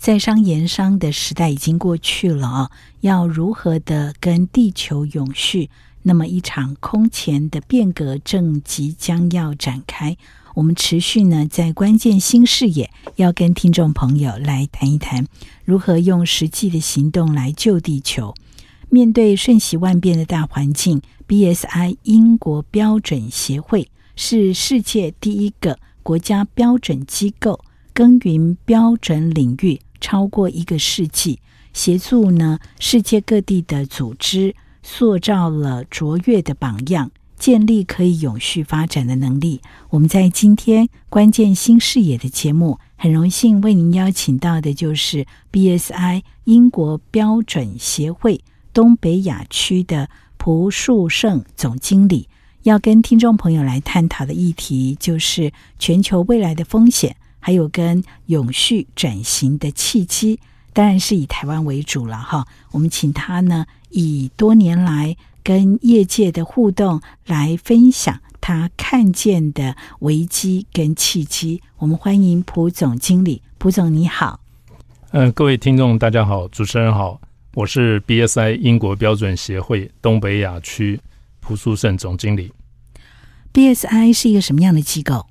在商言商的時代已經過去了啊，要如何的跟地球永續？那麼一場空前的變革正即將要展開。我們持續呢，在關鍵新視野，要跟聽眾朋友來談一談，如何用實際的行動來救地球。面對瞬息萬變的大環境，BSI 英國標準協會是世界第一個國家標準機構，耕耘標準領域。超過一個世紀，協助呢世界各地的組織塑造了卓越的榜樣，建立可以永續發展的能力。我們在今天關鍵新視野的節目，很榮幸為您邀請到的就是 BSI 英國標準協會東北亞區的蒲樹盛總經理，要跟聽眾朋友來探討的議題就是全球未來的風險還有跟永續轉型的契機，當然是以台灣為主了哈。我們請他呢，以多年來跟業界的互動來分享他看見的危機跟契機。我們歡迎蒲總經理，蒲總你好。嗯、呃，各位聽眾大家好，主持人好，我是 BSI 英國標準協會東北亞區蒲樹盛總經理。BSI 是一個什麼樣的機構？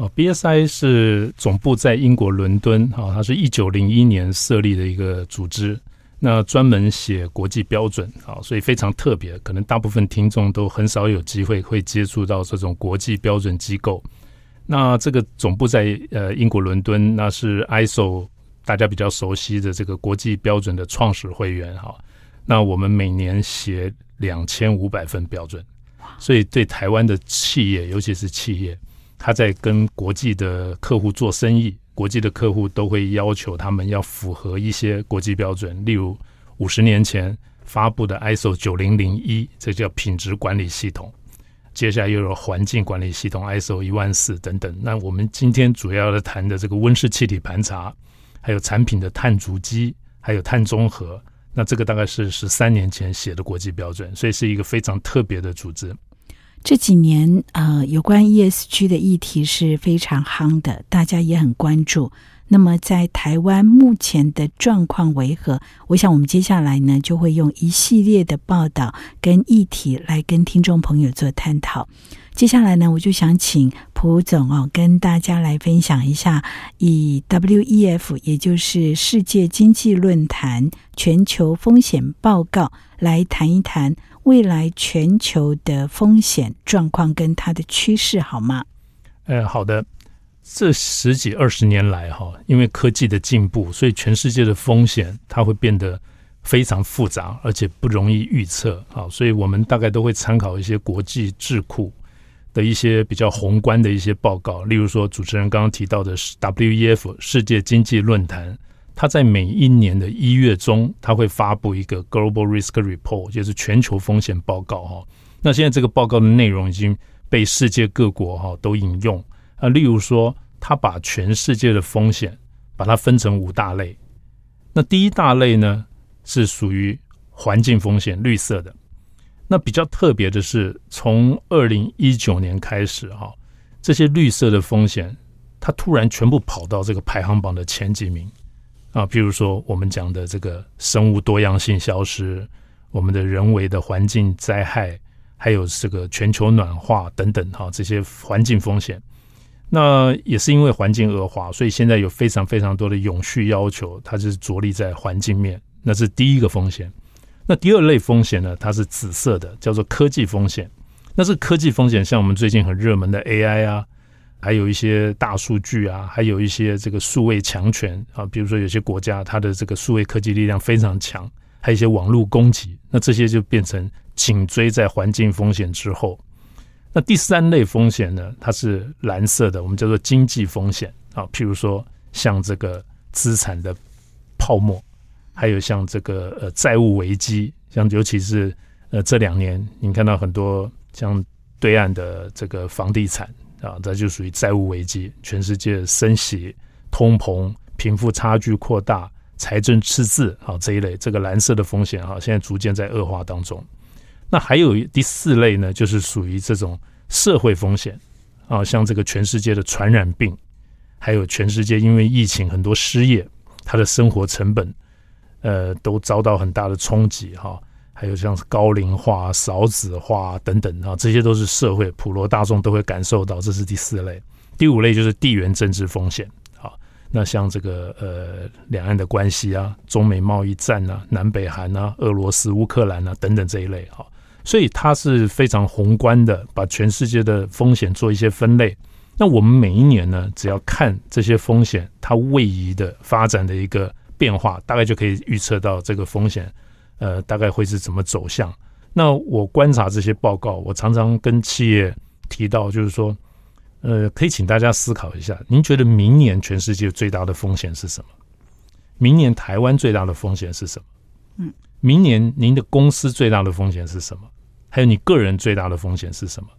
哦，BSI 是總部在英國倫敦，哈，它是一九零一年設立的一個組織，那專門寫國際標準，啊，所以非常特別，可能大部分聽眾都很少有機會會接觸到這種國際標準機構。那這個總部在呃英國倫敦，那是 ISO 大家比較熟悉的這個國際標準的創始會員，哈。那我們每年寫兩千五百份標準，所以對台灣的企業，尤其是企業。他在跟國際的客戶做生意，國際的客戶都會要求他們要符合一些國際標準，例如五十年前發布的 ISO 九零零一，這叫品質管理系統；接下來又有環境管理系統 ISO 一萬四等等。那我們今天主要的談的這個溫室氣體盤查，還有產品的碳足跡，還有碳中和，那這個大概是十三年前寫的國際標準，所以是一個非常特別的組織。這幾年，呃，有關 ESG 的議題是非常夯的，大家也很關注。那麼，在台灣目前的狀況為何？我想，我們接下來呢，就會用一系列的報道跟議題來跟聽眾朋友做探討。接下來呢，我就想請蒲總哦，跟大家來分享一下以 WEF，也就是世界經濟論壇全球風險報告。來談一談未來全球的風險狀況跟它的趨勢好嗎？呃，好的。這十幾二十年來哈，因為科技的進步，所以全世界的風險它會變得非常複雜，而且不容易預測。好，所以我們大概都會參考一些國際智庫的一些比較宏觀的一些報告，例如說主持人剛剛提到的 WEF 世界經濟論壇。他在每一年的一月中，他會發布一個 Global Risk Report，就是全球風險報告。哈，那現在這個報告的內容已經被世界各國哈都引用。啊，例如說，他把全世界的風險把它分成五大類。那第一大類呢，是屬於環境風險，綠色的。那比較特別的是，從二零一九年開始，哈，這些綠色的風險，它突然全部跑到這個排行榜的前幾名。啊，比如說我們講的這個生物多樣性消失，我們的人為的環境災害，還有這個全球暖化等等哈，啊，這些環境風險，那也是因為環境惡化，所以現在有非常非常多的永續要求，它就是着力在環境面，那是第一個風險。那第二類風險呢，它是紫色的，叫做科技風險。那是科技風險，像我們最近很熱門的 AI 啊。還有一些大數據啊，還有一些這個數位強權啊，比如說有些國家它的這個數位科技力量非常強，還有一些網絡攻擊，那這些就變成緊追在環境風險之後。那第三類風險呢，它是藍色的，我們叫做經濟風險啊，譬如說像這個資產的泡沫，還有像這個呃債務危機，像尤其是呃這兩年，你看到很多像對岸的這個房地產。啊，這就屬於債務危機，全世界升息、通膨、貧富差距擴大、財政赤字啊這一類，這個藍色的風險哈，啊，現在逐漸在惡化當中。那還有第四類呢，就是屬於這種社會風險啊，像這個全世界的傳染病，還有全世界因為疫情很多失業，他的生活成本呃都遭到很大的衝擊哈。啊還有像是高齡化、少子化等等啊，這些都是社會普羅大眾都會感受到，這是第四類。第五類就是地緣政治風險，好，那像這個呃兩岸的關係啊、中美貿易戰啊、南北韓啊、俄羅斯、烏克蘭啊等等這一類，好，所以它是非常宏觀的，把全世界的風險做一些分類。那我們每一年呢，只要看這些風險它位移的發展的一個變化，大概就可以預測到這個風險。呃，大概會是怎麼走向？那我觀察這些報告，我常常跟企業提到，就是說，呃，可以請大家思考一下，您覺得明年全世界最大的風險是什麼？明年台灣最大的風險是什麼？嗯，明年您的公司最大的風險是什麼？還有你個人最大的風險是什麼？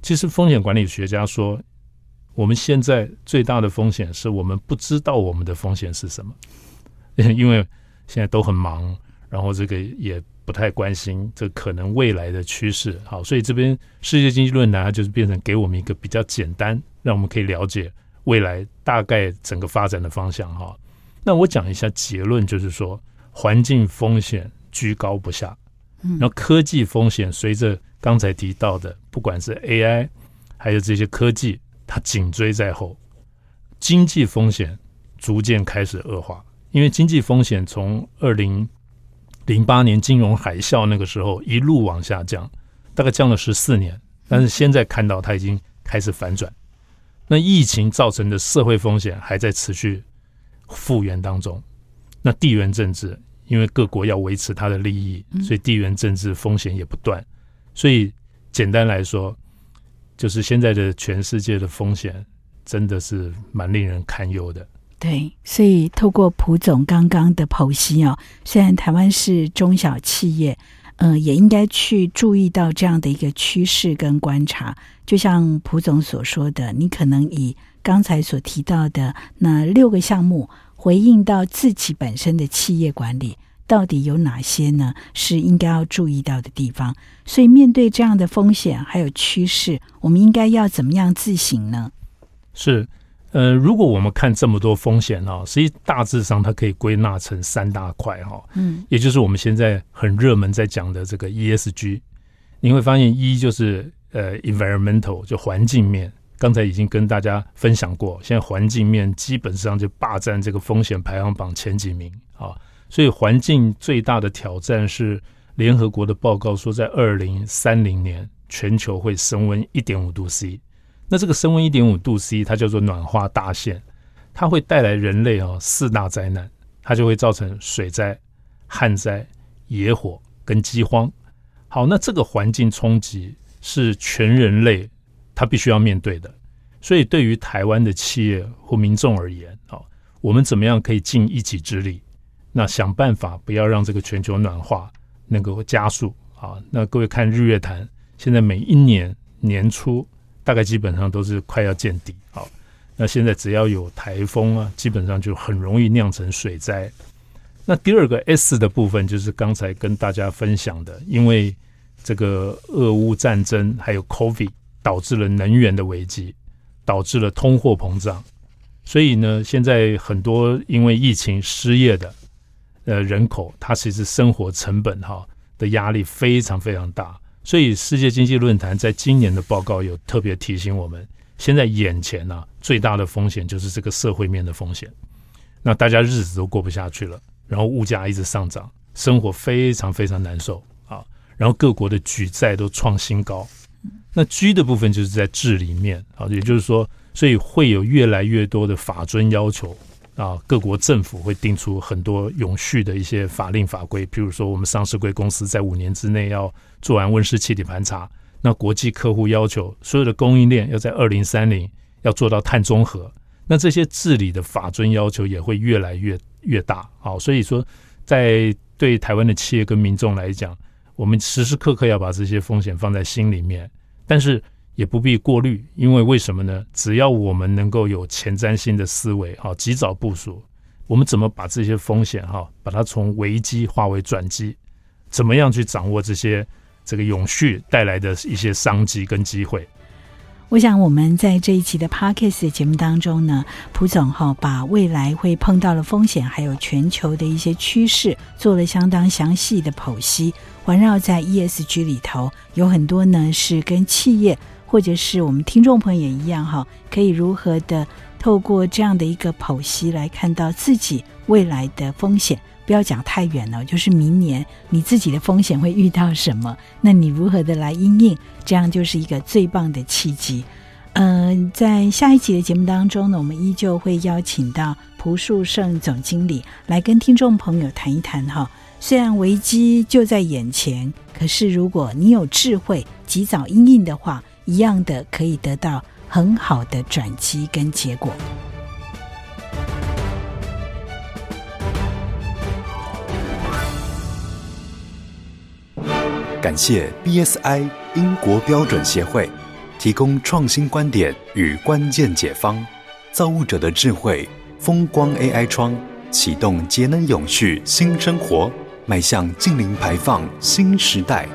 其實風險管理學家說，我們現在最大的風險是我們不知道我們的風險是什麼，因為現在都很忙。然後這個也不太關心，這可能未來的趨勢。好，所以這邊世界經濟論壇它就是變成給我們一個比較簡單，讓我們可以了解未來大概整個發展的方向哈。那我講一下結論，就是說環境風險居高不下，然後科技風險隨着剛才提到的，不管是 AI 還有這些科技，它緊追在後，經濟風險逐漸開始惡化，因為經濟風險從二零。零八年金融海嘯那個時候一路往下降，大概降了十四年，但是現在看到它已經開始反轉。那疫情造成的社會風險還在持續復原當中。那地緣政治，因為各國要維持它的利益，所以地緣政治風險也不斷。嗯、所以簡單來說，就是現在的全世界的風險真的是蠻令人堪憂的。對，所以透過蒲總剛剛的剖析哦，雖然台灣是中小企業，呃，也應該去注意到這樣的一個趨勢跟觀察。就像蒲總所說的，你可能以剛才所提到的那六個項目回應到自己本身的企業管理，到底有哪些呢？是應該要注意到的地方。所以面對這樣的風險還有趨勢，我們應該要怎麼樣自省呢？是。呃，如果我們看這麼多風險啊，實際大致上它可以歸納成三大塊哈，啊，嗯，也就是我們現在很熱門在講的這個 ESG，你會發現一就是呃 environmental 就環境面，剛才已經跟大家分享過，現在環境面基本上就霸占這個風險排行榜前幾名啊，所以環境最大的挑戰是聯合國的報告說，在2030年，在二零三零年全球會升溫一點五度 C。那這個升溫一點五度 C，它叫做暖化大限，它會帶來人類啊四大災難，它就會造成水災、旱災、野火跟饑荒。好，那這個環境衝擊是全人類它必須要面對的，所以對於台灣的企業或民眾而言，啊，我們怎麼樣可以盡一己之力，那想辦法不要讓這個全球暖化能夠加速啊？那各位看日月潭，現在每一年年初。大概基本上都是快要見底，好。那現在只要有台風啊，基本上就很容易釀成水災。那第二個 S 的部分就是剛才跟大家分享的，因為這個俄烏戰爭還有 COVID 導致了能源的危機，導致了通貨膨脹。所以呢，現在很多因為疫情失業的呃人口，他其實生活成本哈的壓力非常非常大。所以世界經濟論壇在今年的報告有特別提醒我們，現在眼前啊，最大的風險就是這個社會面的風險，那大家日子都過不下去了，然後物價一直上漲，生活非常非常難受啊，然後各國的舉債都創新高，那居的部分就是在治理面啊，也就是說，所以會有越來越多的法遵要求。啊，各國政府會定出很多永續的一些法令法規，譬如說我們上市櫃公司在五年之內要做完溫室氣體盤查，那國際客戶要求所有的供應鏈要在二零三零要做到碳中和，那這些治理的法遵要求也會越來越越大。好、啊，所以說在對台灣的企業跟民眾來講，我們時時刻刻要把這些風險放在心裡面，但是。也不必過濾，因為為什麼呢？只要我們能夠有前瞻性的思維，好，及早部署，我們怎麼把這些風險哈，把它從危機化為轉機？怎麼樣去掌握這些這個永續帶來的一些商機跟機會？我想我們在這一期的 Podcast 節目當中呢，蒲總哈，把未來會碰到的風險，還有全球的一些趨勢做了相當詳細的剖析，環繞在 ESG 裡頭有很多呢是跟企業。或者是我們聽眾朋友也一樣哈，可以如何的透過這樣的一個剖析來看到自己未來的風險？不要講太遠了，就是明年你自己的風險會遇到什麼？那你如何的來因應？這樣就是一個最棒的契機。嗯、呃，在下一集的節目當中呢，我們依舊會邀請到蒲樹盛總經理來跟聽眾朋友談一談哈。雖然危機就在眼前，可是如果你有智慧及早因應的話。一樣的可以得到很好的轉機跟結果。感謝 BSI 英國標準協會提供創新觀點與關鍵解方，造物者的智慧，風光 AI 窗啟動節能永續新生活，邁向淨零排放新時代。